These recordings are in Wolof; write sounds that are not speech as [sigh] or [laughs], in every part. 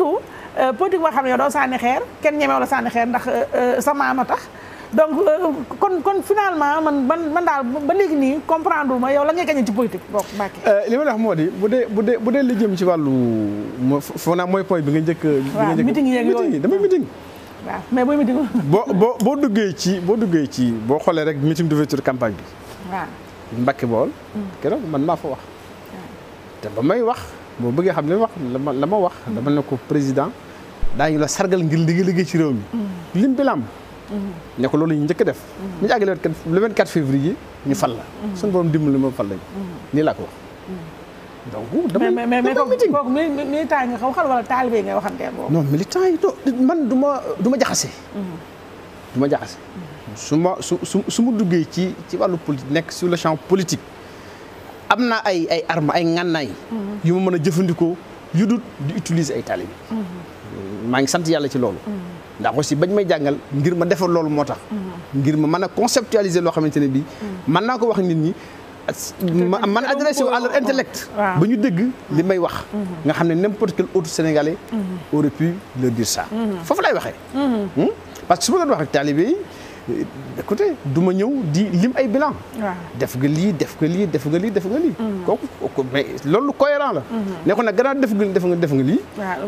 surtout euh, politique boo xam ne yow doo sànni xeer kenn ñemew la sànni xeer ndax euh, euh, sa maama tax donc kon kon finalement man man man daal ba léegi nii comprendre ma yow la ngay gañe ci politique bokk Mbacke. li ma la wax moo di bu dee bu dee bu dee li jëm ci wàllu naa mooy point bi nga njëkk. waaw meeting yeeg yooyu hmm. mais booy meeting. boo boo boo duggee ci boo duggee ci boo xoolee rek meeting d'ouverture campagne bi. waaw Mbacke Bawol. Hmm. keroog man maa fa wax. Hmm. te ba may wax. boo bëggee xam li ma wax la ma wax dama ne ko président daañu la sargal ngir li nga liggéey ci réew mi mm-hmm. lim bi la am mm-hmm. ne ko loolu ñu njëkk def mm-hmm. ñu àgg le 24 février ñu fal la suñu borom dimbali ma fal lañu nii laa ko wax donc dama mais mais mais kooku militant nga xam xal wala taalibe ngay waxantee boobu non militant man du ma du ma jaxase du ma jaxase su ma su su su ma duggee ci ci wàllu politique nekk su le champ politique am naa ay ay armes ay ngànnaay mhm. yu ma mën a jëfandikoo yu dul di utiliser ay taalibe mhm. maa ngi sant yàlla ci loolu mhm. ndax aussi bañ may jàngal ngir ma defar loolu moo tax ngir ma mën a conceptualiser loo xamante ne bii mën naa ko wax nit ñi man adressé wu à leur intellect ba ñu dégg li may wax nga xam ne n'importe quel autre sénégalais aurait pu leur dire ça foofu laay waxee hmm? parce que su ma doon wax ak taalibe yi écoutez du ma ñëw di lim ay bilan def nga lii def nga lii def nga lii def nga lii mhm. kooku mais loolu cohérent la ne mhm. ko nag gannaaw def nga def nga def nga lii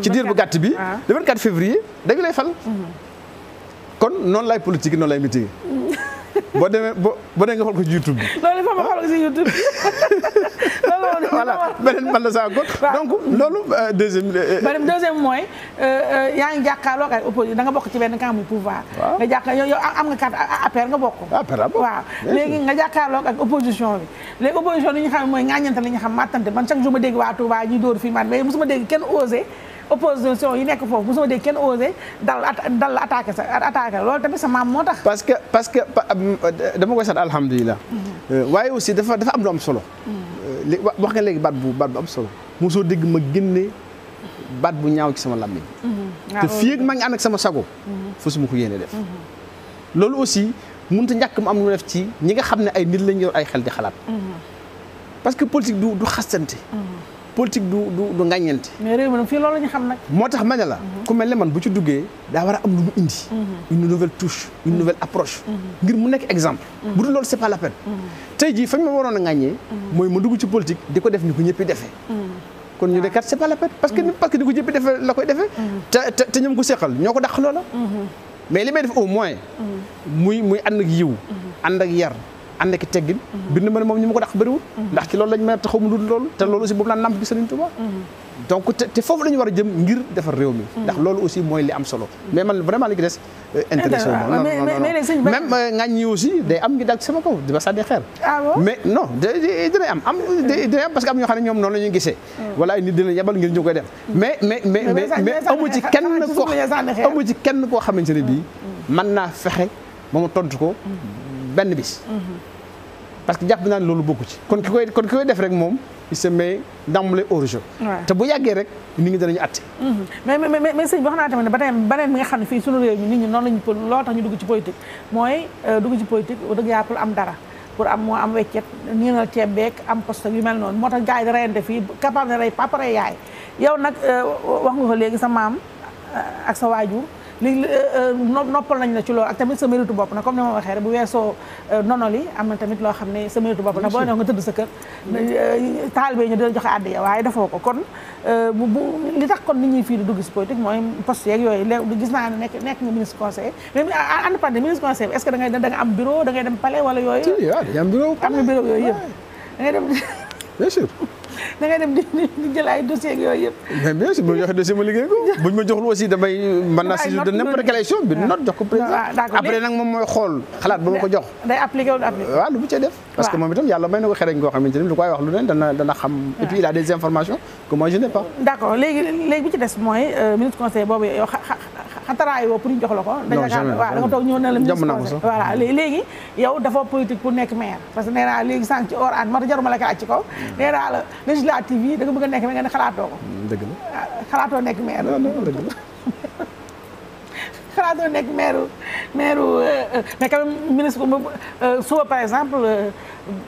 ci diir bu gàtt bi le 24 février dañu lay fal mhm. kon noonu lay politique noonu lay mitigé boo demee boo boo demee nga xool ko ci YouTube bi. loolu il faut ma xool ko ci YouTube bi [laughs] loolu. voilà beneen man saa góor. donc loolu euh, deuxième. Euh, euh, beneen yaa nga bokk ci ak opposition bi. léegi opposition li ñu mooy ŋàññante li ñu xam màttante man chaque jour ma dégg waa Touba ñi dóor fii man mais mosuma dégg kenn osé. opposition yi nekk foofu mosoo dégg kenn osé dal dal attaqué sa attaqué loolu tamit sa maam moo tax. parce que parce que dama koy sant alhamdulilah. Mhm. Euh, waaye aussi dafa dafa am lu am solo. Mhm. Euh, li wax nga léegi baat bu baat bu am solo soo dégg ma génne baat bu ñaaw ci sama làmmiñ. Mhm. te ah, fii ak maa ngi ànd ak sama sago. fa su ma ko yéene def. loolu aussi mënut a ñàkk mu am lu def ci ñi nga xam ne ay nit lañ yor ay xel di xalaat. parce que politique du du xastante. politique du du du ngaññeenti. mais réew mi moo tax ma la. Mhm. ku mel ne man bu ci duggee daa war a am lu mu indi. Mhm. une nouvelle touche une mhm. nouvelle approche. ngir mu nekk exemple. bu dul loolu c'est pas la peine. tey jii ñu ma waroon a ŋaññee. mooy ma dugg ci politique di ko def ni ko ñëpp defee. kon ñu ne ah. kat c'est pas la peine. parce que parce que di ko ñëpp defee la koy defee. te te ko seqal ñoo ko dàq loola. mais li may def au moins. muy muy ànd ak yiw ànd ak yar. ànd ak teggin bind ma ne moom ñi ko dàq bëriwul ndax ci loolu lañ mën a taxaw mu te loolu aussi boobu laa namp gi Sëriñ Tuubaa donc te foofu la war a jëm ngir defar réew mi ndax lool aussi mooy li am solo mais man vraiment li ki des euh, ma même ngañ ñi aussi day am ngi dal sama kaw di ba sànni xeer ah mais am am parce que am ñoo ne ñoom noonu la ñuy gisee voilà mm. nit dina yebal ngir ñu koy def mm. mais mais mais mais koo xamante ne bii mm. mën naa fexe ba mu tontu ko benn bis mm-hmm. parce que jàpp naa ne loolu bokku ci kon ki koy def rek moom il se met d'emblée te bu yàggee rek nit ñi danañu atte mm-hmm. mais mais mais sëñ naa tamit ne beneen beneen nga xam ne fii sunu réew mi nit ñi euh, am dara pour am moo am weccet nii na ceeb beek am poste yu mel noonu moo tax gars yi da reyante fii capable na rey papa yaay yow nag euh, wax nga ko léegi sa maam euh, ak sa waajur li euh, euh, noppal nañ la ci loolu ak tamit sa méritu bopp na comme ni ma waxee rek bu weesoo euh, nonol yi am na tamit loo xam ne sa méritu bopp na boo ne nga tëdd sa kër taalibe ñu dina joxe àddiya waaye defoo ko kon bu li tax kon nit ñuy fii di dugg si politique mooy poste yeeg yooyu léegi gis naa ne nekk nekk nga ministre conseil a ànd parti ministre conseil est-ce que da ngay da nga am bureau da ngay dem palais wala yooyu am na bureau yooyu yëpp da ngay da ngay dem di di ay dossier yooyu yëpp. mais bien sûr bu ñu ma liggéey ko [laughs] buñ ma joxul aussi damay. mën naa saisir de n'importe quelle élection bi note jox ko après nag moom mooy xool xalaat ba ma ko jox. day lu mu cee parce que moom itam yàlla may na ko xereñ goo xamante ni lu koy wax lu ne dana dana xam. et puis il a des informations que moi je n'ai xataraay woo pour ñu jox la ko dañ la waaw da nga toog ñëw na la ministre voilà léegi yow dafa politique pour nekk maire parce que nee léegi sànq or an moo tax jaruma la kaa ci kaw hmm. nee la législative yi da nga a nekk maire nga hmm, ah, [laughs] nekk maire maire maire euh, euh, mais quand même ministre euh, suba par exemple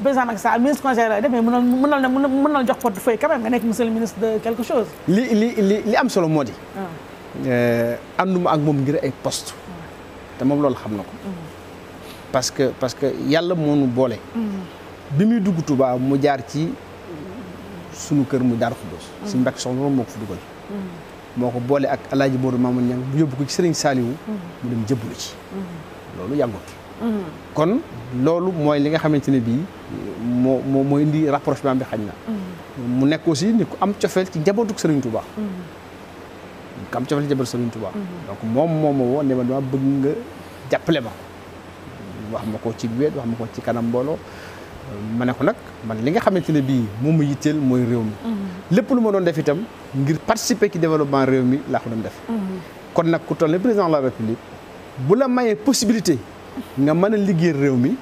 président Macky Sall ministre conseil la def mais mënoon mënoon na mënoon jox portefeuille quand même nga nekk monsieur ministre de quelque chose li li li li am solo moo di ah. Euh, ànduma ak moom ngir ay poste te moom loolu xam na ko mm-hmm. parce que parce que yàlla moo nu boole mm-hmm. bi muy dugg tubaab mu jaar ci sunu kër mu Daaru Xuddoos mm-hmm. suñ mbàkk soxna moom moo ko fi dugal moo ko boole ak alaaji Moodu Mamoun Ñang bu yóbbu ko ci Serigne Saliou mu dem jëbbalu ci loolu yàggut kon loolu mooy li nga xamante ne bii moo moo indi rapprochement bi xañ na mu nekk aussi ni ku am cofeel ci njabootu Serigne Touba ku am cofale jabar Sëriñ Tuubaa donc moom moom ma woo ne ma dama bëgg nga jàppale ma wax ma ko ci wéet wax ma ko ci kanam mbooloo ma ne ko nag man li nga xamante ne bii moom mu yitteel mooy réew mi lépp lu ma doon def itam ngir participer ci développement réew mi laa ko doon def kon nag ku toll ne président de la république bu la mayee possibilité nga mën a liggéey réew mi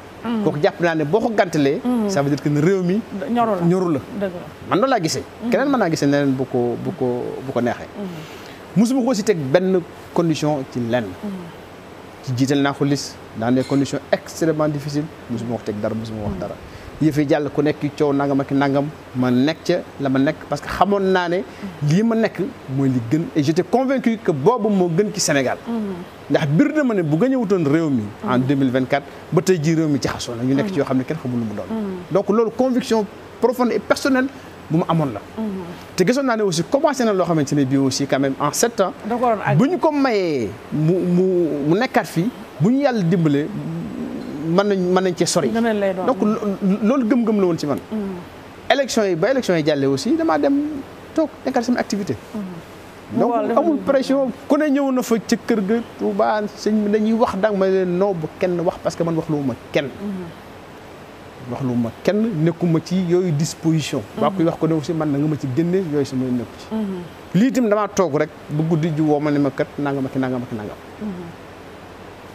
kooku jàpp naa ne boo ko gantalee ça veut dire que ne réew mi ñoru la man noonu laa gisee keneen mën bu ko bu ko bu ko neexee musuma ko si teg benn condition ci lenn. Mm. ci jiital naa ko lis dans des conditions extrêmement difficiles musuma wax teg dara musuma wax mm. dara. yëf yi jàll ku nekk coow nangam ak nangam ma nekk ca la ma nekk parce que xamoon naa ne. Mm. lii ma nekk mooy li gën et j'étais convaincu que boobu moo gën ci Sénégal. ndax bir na ma ne bu nga ñëwutoon réew mi. en 2024 ba tey jii réew mi jaxasoo na. ñu nekk ci yoo xam ne kenn xamul lu mu doon. donc loolu conviction profonde et personnelle. bu ma amoon la. Mm-hmm. te gesoon naa ne aussi commencé na loo xamante ne bii aussi quand même en sept ans. bu ñu ko mayee mu mu mu nekkaat fii bu ñu yàlla dimbalee mën nañ mën nañ cee sori. donc loolu gëm-gëm la woon ci man. Mm-hmm. élection yi ba élection yi jàllee aussi damaa dem toog nekkaat sama activité. Mm-hmm. donc amul pression ku ne ñëw na fa ci kër ga Touba sëñ bi dañuy wax danga ma leen noo bu kenn wax parce que man wax lu ma kenn. wax lu ma kenn nekkuma ci yooyu disposition baa kuy wax ko ne aussi man na nga ma ci génne yooyu sama nekku ci mhm. lii itam damaa toog rek bu guddi ju woo ma ne ma kat nangam ak nangam ak nangam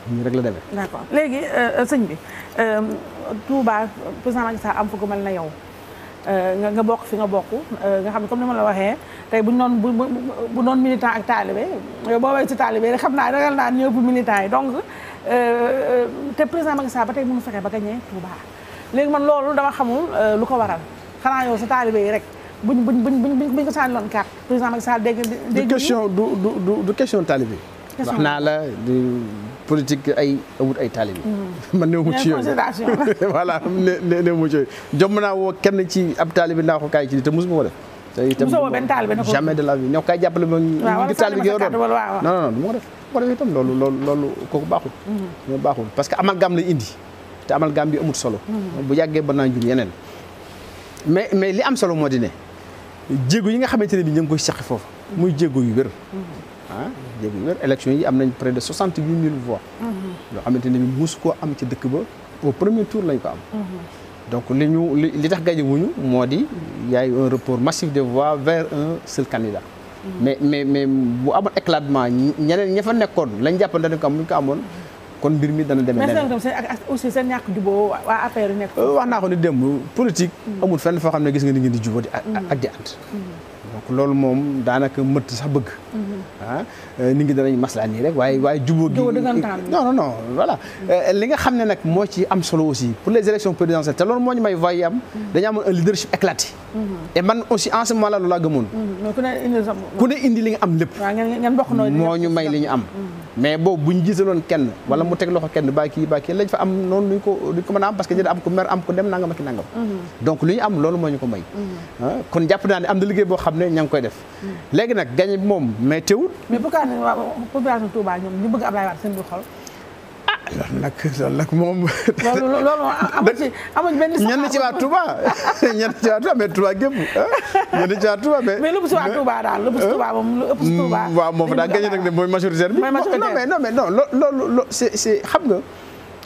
ñu mhm. rek la demee d'accord léegi euh, euh, sëñ bi euh, Touba président Macky Sall am fu ko mel na yow nga bokk fi nga bokk nga xam ne comme ni ma la waxee tey bu ñu doon bu doon militant ak taalibe yow boo way ci taalibe rek xam naa ragal naa ñëpp militant yi donc te président Macky Sall ba tey mënu fexe ba gagné Touba léegi man loolu dama xamul euh, lu ko waral xanaa yow sa rek buñ buñ buñ buñ buñ ko saani loon carte président Macky Sall dégg du question du du du question taalibe wax naa la du ay awut ay taalibe mm-hmm. [laughs] man new mu ci yow [laughs] voilà ne new mu ci yow jomm naa woo kenn ci ab taalibe naa kaay ci di te mosuma ko def itam jamais de la vie ñoo kay jàppale ma ngi taalibe gi doon non non ko ko baaxul moo mm-hmm. parce que amalgame lay indi te amal Gambie amul solo. bu yàggee ba naa jur yeneen. mais mais li am solo moo di ne jéego yi nga xamante ne bi ñu ngi koy saqi foofu. muy jéego yu wér. ah jéego yu wér yi am nañ près de soixante huit mille voix. yoo xamante ne bi mosu koo am ci dëkk ba au premier tour lañ ko am. donc li ñu li tax gaje wuñu moo di yaay un report massif de voix vers un seul candidat. mais mais mais bu amoon éclatement ñeneen ña fa nekkoon lañ jàppoon dañ ko am lu ñu ko amoon. kon mbir mi dana deme leneen mais ak aussi seen ñàkk juboo waa affaire yi nekk. Euh, wax naa ko ni démb politique. Hmm. amul fenn foo xam ne gis nga ni ngeen di juboo di hmm. ak di ànd. Hmm. donc loolu moom daanaka mëtt sax bëgg. ah euh, nit ñi danañ maslaa nii rek waaye waaye gi non non non voilà euh, li nga xam ne nag moo ci am solo aussi pour les élections présidentielles te loolu moo ñu may voye am mm-hmm. dañu amoon un leadership éclaté mm-hmm. et man aussi mm-hmm. ñu am mais boobu bu ñu kenn wala mu teg loxo kenn baa kii lañ fa am noonu luñ ko ko mën am parce que dina am am ko liggéey boo xam ne ña koy def léegi nag gañe moom mais teewul mais pourquoi nag waa population Touba ñoom ñu bëgg Ablaye Wade seen biir xol. loolu nag loolu nag moom. loolu loolu amu ci amuñ benn. ñenn ci waa Touba ñenn ci waa Touba mais Touba gépp ah, ñenn ci waa Touba mais. mais lu ëpp si waa Touba daal lu ëpp si ah, Touba moom lu ëpp si Touba. Mm, waaw moom daa gagné nag mooy majoritaire bi. mooy majoritaire non mais non mais non loolu loolu c'est c'est xam nga.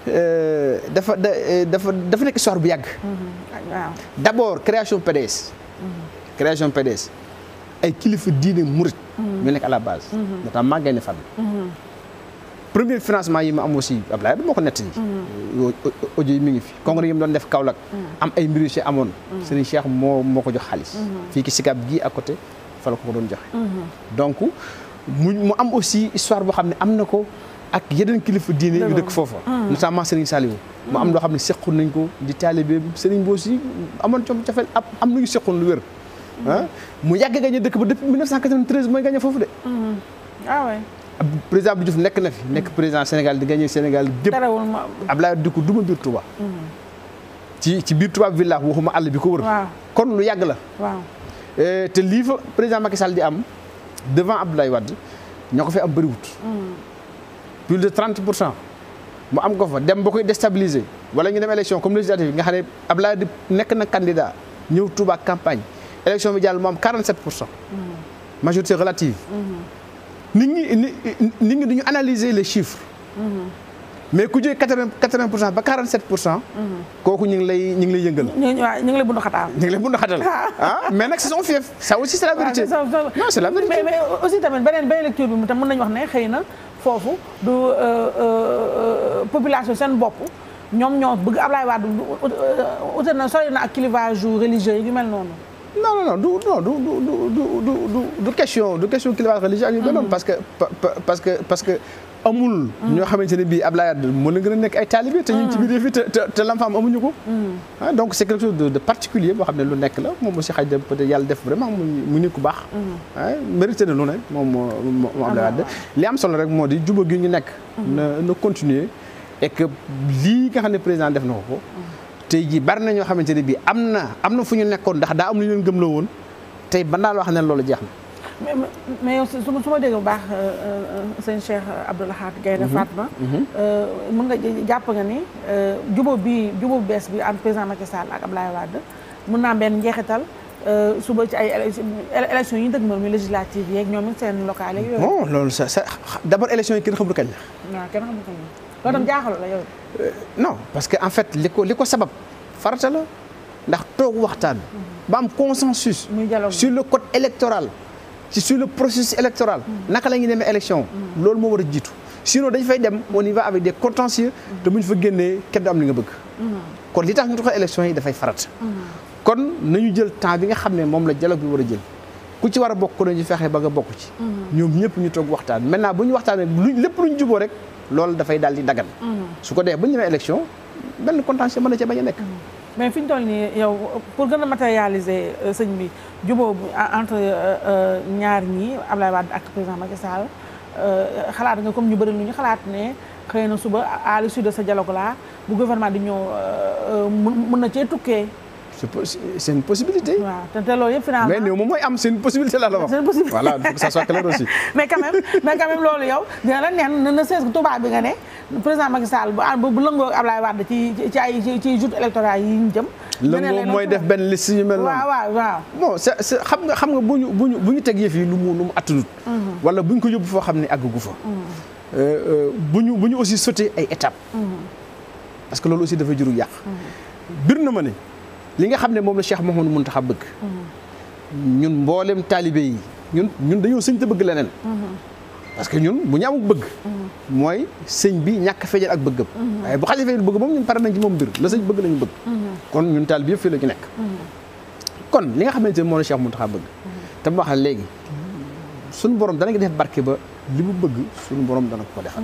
Euh, dafa euh, dafa dafa nekk histoire bu yàgg. Mm-hmm. Ah, waaw d'abord création PDS. Mm-hmm. création PDS ay kilifa diine murit. ñu nekk à la base. notamment Gaynde Fatma. premier financement yi ma am aussi Ablaye du ma ko nettali. Mhm. yi mi ngi fi congrès yi mu doon def Kaolack. Mhm. am ay mbir yu si amoon. Mhm. Serigne Cheikh moo moo ko jox xaalis. fii ki Sicap gii à mu mu am aussi histoire boo xam ne am na ko ak kilifa di taalibe Serigne boo si amoon coono cofeel ab am lu ñu lu wér. ah mu yàgg gañe dëkk ba depuis 1993 mooy gañe foofu de. Mm-hmm. ah oui. président Abdou Diouf nekk na fi. nekk président Sénégal di gañe Sénégal gépp. terewul ma Abdoulaye di ko duma biir Touba. Mm-hmm. ci ci biir Touba villa waxuma àll bi ko wër. kon lu yàgg la. waaw eh, te lii fa président Macky Sall di am devant Abdoulaye Wade ñoo ko fi am bëriwut. Mm-hmm. plus de 30 pour cent. mu am ko fa dem ba koy déstabiliser wala ñu dem élection comme législative nga xam ne Abdoulaye di nekk na candidat ñëw Touba campagne. élection bi moom mu am 47 pour cent. majorité relative. nit ñi nit ñi dañu analyser les chiffres. mais ku jógee quatre vingt quatre vingt pour cent ba quarante sept pour cent. kooku ñu ngi lay ñu ngi lay yëngal. ñu ngi ñu xataal. ñu ngi lay bundu xataal mais nag c'est son fief ça aussi c'est la vérité. mais mais aussi tamit beneen beneen lecture bi mu tam mën nañu wax ne xëy na foofu du population seen bopp ñoom ñoom bëgg Ablaye Wade utal na sori na ak clivage religieux yi yu mel noonu. non non non du non du du du du du du question du question clivage religieux ak yu gënoon mm. parce que parce que parce que amul. Mm. ñoo xamante ne bii Ablaye Wade moo leen gën a nekk ay taalibe. te ñu ngi ci mm. biir yëf te te te lam fa am amuñu ko. Ah, donc c' est quelque chose de de particulier boo xam ne lu nekk la moom aussi xaj na peut être yàlla def vraiment mu mu nit ku baax. Ah, mérité na lu ne moom moo moo Ablaye Wade ah. li am solo rek moo di juba gi ñu nekk. na na continuer et que lii nga xam ne président def na ko ko. tey jii bari na ñoo xamante ne bii am na am na fu ñu nekkoon ndax daa am lu ñu leen gëmloo woon tey ban daal wax ne loolu jeex na. mais su ma dégg bu baax euh, euh, sëñ Cheikh Abdoul gaynde Gaïndé mhm. Fatma. Mhm. Euh, mën nga jàpp nga ni jubóo bi jubóo bu bees bi am président Macky Sall ak Abdoulaye Wade mën naa benn njeexital suba ci ay élection yi ñu dëgmal muy législative yeeg ñoom it seen locales yi. loolu sa sa d'abord élection yi kenn xamul kañ la. waaw kenn xamul kañ la. loolu tam jaaxaloo la yow. Euh, non parce que en fait li ko li ko sabab farata la ndax toog waxtaan. ba am consensus. sur le code électoral. ci sur le processus électoral. naka la ñuy demee élection. loolu moo war a jiitu sinon dañ fay dem moo y va avec des contentieux. te bu ñu fa génnee kenn du am li nga bëgg. kon li tax ñu taxaw élection yi dafay farata. kon nañu jël temps bi nga xam ne moom la dialogue bi war a jël. ku ci war a bokk nañu fexe ba nga bokk ci. Mm-hmm. ñoom ñëpp ñu toog waxtaan maintenant bu ñu waxtaanee luñ lépp luñ rek. loolu dafay daal di dagan mhm. su ko dee bu ñu demee élection benn contentieux mën na cee bañ a nekk mhm. mais fi ñu toll nii yow pour gën a matérialiser euh, sëñ bi jubóo entre euh, euh, ñaar ñi Ablaye Wade ak président Macky Sall xalaat nga comme ñu bëri lu ñu xalaat ne xëy na suba à l'issue de sa dialogue laa bu gouvernement di ñëw mën na cee tukkee c'est une possibilité. waaw te te loolu yëpp finalement. mais néew moom mooy am c'est une possibilité la la wax. c'est une possibilité voilà il faut que ça soit clair aussi. [laughs] mais la neen na sees tubaab bi nga ne président Macky bu ah, bu bu lëngoo ak Ablaye Wade ci ci ay ci joutes électorales yi ñu lëngoo mooy def benn liste yu mel noonu. waaw xam nga xam nga bu ñu bu ñu bu ñu teg yëf yi lu mu lu mu attudut. Mhm. wala bu ñu ko yóbbu foo xam ne àggu fa. Mhm. Euh, euh, bu ñu aussi sauté ay étapes. Mhm. parce que loolu aussi dafa juru yàq. bir na ma ne. li nga xam ne moom la Cheikh mun Mountakha bëgg ñun mboolem taalibe yi ñun ñun dañoo sëñ te bëgg leneen parce que ñun bu ñu amul bëgg mooy sëñ bi ñàkk feeñal ak bëggam waaye bu xasee feeñal bëgg moom ñun pare nañ ci moom mbir la sëñ bëgg lañu bëgg kon ñun taalibe yëpp fii la ñu nekk kon li nga xamante ne moom la Cheikh Mountakha bëgg te mu wax la léegi suñu borom dana def barke ba li mu bëgg suñu borom dana ko ko defal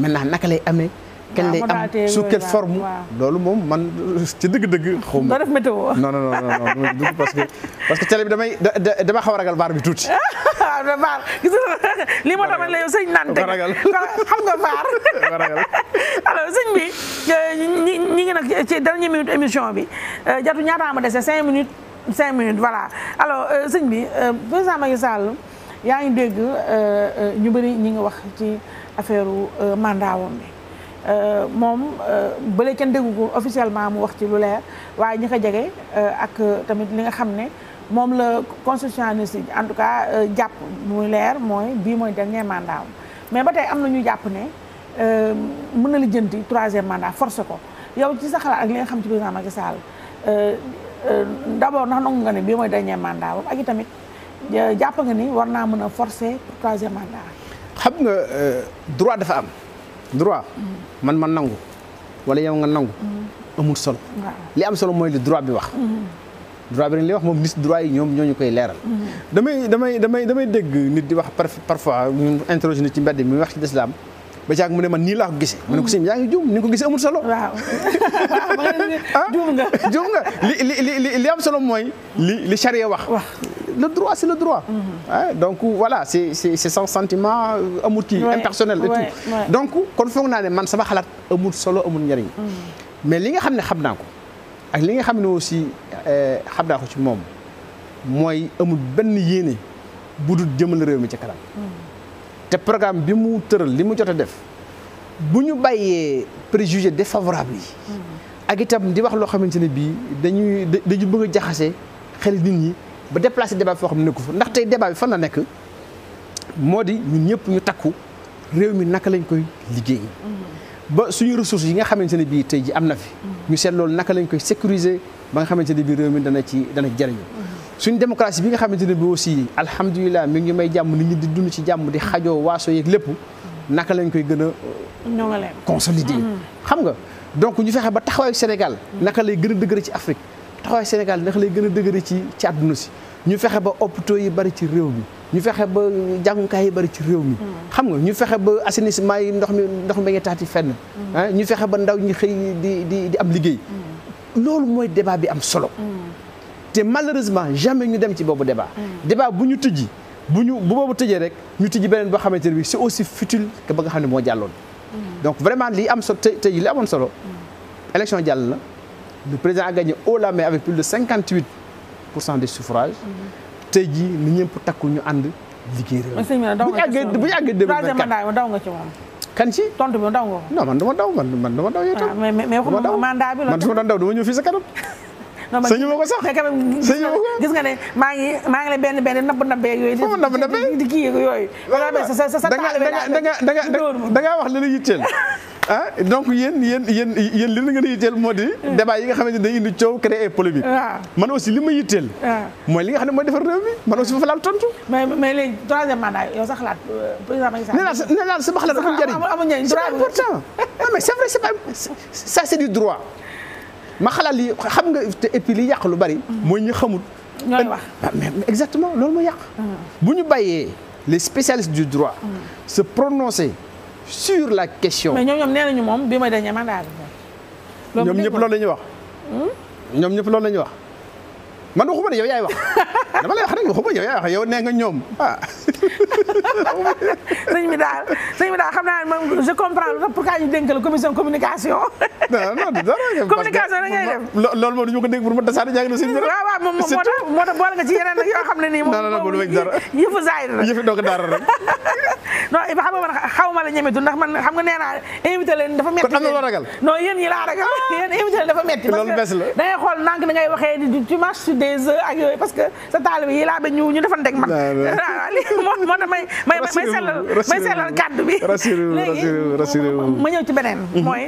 maintenant naka lay amee kenn lay ah, am sous quelle forme loolu moom man ci dëgg-dëgg xaw ma def météo non non non non parce que parce que télé bi damay dama xaw a ragal vaar bi tuuti waaw [laughs] vaar gis nga lii moo tax man la yow sëñ naan teg xam nga vaar [laughs] alors sëñ bi euh, ñi ñi ngi nag ci dernière minute émission bi euh, jatu ñaata ma dese cinq minutes cinq minutes voilà alors euh, sëñ bi président Macky Sall yaa ngi dégg ñu bëri ñi ngi wax ci affaire mandat woon bi Euh, moom euh, bële kenn déggu ko officiellement mu wax ci lu leer waaye ñi ko jege euh, ak tamit li nga xam ne moom la constitutionnaliste yi en tout cas jàpp muy leer mooy bii mooy dernier mandat mais ba tey am na ñu jàpp ne mën na lijjanti troisième mandat ko yow ci sa xalaat ak li nga xam ci président Macky Sall d'abord ndax nangu ne bii mooy dernier mandat ak i tamit jàpp nga ni war naa mën a forcer pour troisième mandat. xam nga droit dafa am. droit man ma nangu wala yow nga nangu amul solo li am solo mooy li droit bi wax droit bi li wax moom ministre droit yi ñoom ñoo ñu koy leeral. damay damay damay damay dégg nit di wax parfois ñun interroge ci mbedd mi wax ci lislaam ba caag mu ne man nii laa ko gisee. mu ne ko sëñ yaa ngi juum ni ko gise amul solo. waaw [laughs] ah, juum nga juum nga li li li li am solo mooy. li li charia wax. le droit c'est le droit mm-hmm. donc voilà c'est c'est c'est son sentiment euh, amul kii impersonnel et tout donc kon foog naa ne man sama xalaat amul solo amul njëriñ mm-hmm. mais li nga xam ne xam naa ko ak li nga xam ne aussi euh, xam naa ko ci moom mooy amul benn yéene bu dul jëmal réew ci kanam mm-hmm. te programme bi mu tëral li mu jot a def bu ñu bay bàyyee préjugé défavorable yi ak itam di wax loo xamante ne bii dañuy dañu bëgg a jaxase xel nit ñi ba déplacé débat bi foo xam ne nekku fa ndax tey débat fan la nekk moo di ñun ñëpp ñu takku réew mi naka lañ koy liggéey mm-hmm. ba suñu ressources yi nga xamante ne bii tey ji am na fi mm-hmm. ñu seet loolu naka lañ koy sécuriser ba nga xamante ne bii réew mi dana ci dana ci mm-hmm. suñu démocratie bi nga xamante ne bii aussi alhamdulilah mi ngi may jàmm nit ñi di dund ci jàmm di xajoo waaso yeeg lépp naka lañ koy gën a consolider xam nga donc ñu fexe ba taxawaayu Sénégal naka lay gën a ci Afrique taxawaay Sénégal ndax lay gën a dëgëre ci ci àdduna si ñu fexe ba hôpitaux yi bari ci réew mi ñu fexe ba jàngukaay yi bari ci réew mi hmm. xam nga ñu fexe ba assainissement yi ndox mi ndox mi nga taati fenn hmm. ah, ñu fexe ba ndaw ñi xëy di di di am liggéey hmm. loolu mooy débat bi am solo te malheureusement jamais ñu dem ci boobu débat débat bu ñu tijji bu ñu bu boobu tëjee rek ñu tijji beneen boo xamante ne bi c'est aussi futile que ba nga xam ne moo jàlloon donc vraiment li am solo te te li amoon solo élection jàll na le président a gagné haut la main avec plus de 58 pour cent des suffrages. tey jii ni ñëpp takku ñu ànd liggéey réew. monsieur Mbène daw nga ci moom bu ñu àggee bu ñu àggee. ma daw nga ci kan ci tontu bi daw nga ko. non daw man daw yow tam. Ah, mais mais mandat bi la man ma daw dama ñëw fii sa kanam. sëñu ma ko sax mais quand même gis nga ne maa ngi maa ngi la benn benn napp nabbee yooyu foofu napp nabbee di kii yooyu sa sa da nga da nga da wax li la yitteel [laughs] ah donc yéen yéen yéen yéen li nga yitteel di hmm. débat nga xamante ne day indi coow créer polémique ah. man aussi li ma yitteel ah. mooy li nga xam ne mooy defar réew mi man aussi foofu laal tontu mais mais léegi troisième mandat yow sax laat euh, président Macky Sall nee naa sama xalaat amul njëriñ important non mais c'est vrai c'est pas ça c'est du droit ma xalaat li xam nga et puis li yàq lu bari. mooy ñu xamul. ñooy wax ah, mais exactement loolu mooy yàq. Ah. bu ñu bayee les spécialistes du droit. Mm. se prononcer sur la question. mais ñoom ñoom nee ñu moom bi ma dañee mandat bi. Hmm? ñoom ñëpp loolu la ñuy wax. ñoom ñëpp loolu la ñuy wax. man waxuma ne yow yaay wax [laughs] dama lay wax rek waxuma yow yaay wax yow nee nga ñoom ah. [laughs] sëñ bi daal sëñ bi daal xam naa man je comprends loolu pourquoi ñu dénk la commission communication. non non dara [laughs] communication da ngay def loolu moom du ma tasaare ñaari sëñ bi nga ci yeneen zaay la yëfu doog dara rek. non Iba xam nga man xaw ma la laa ragal ah. yéen invité leen dafa metti loolu bés la da ngay xool nànk da ngay waxee du tu marches des heures ak yooyu parce que sa taalibe yi laa ba ñu ñu defan deg man waaw [laughs] ah, li moo moo tax may may may sellal may sellal kàddu bi léegi ma ñëw ci beneen mhm. mooy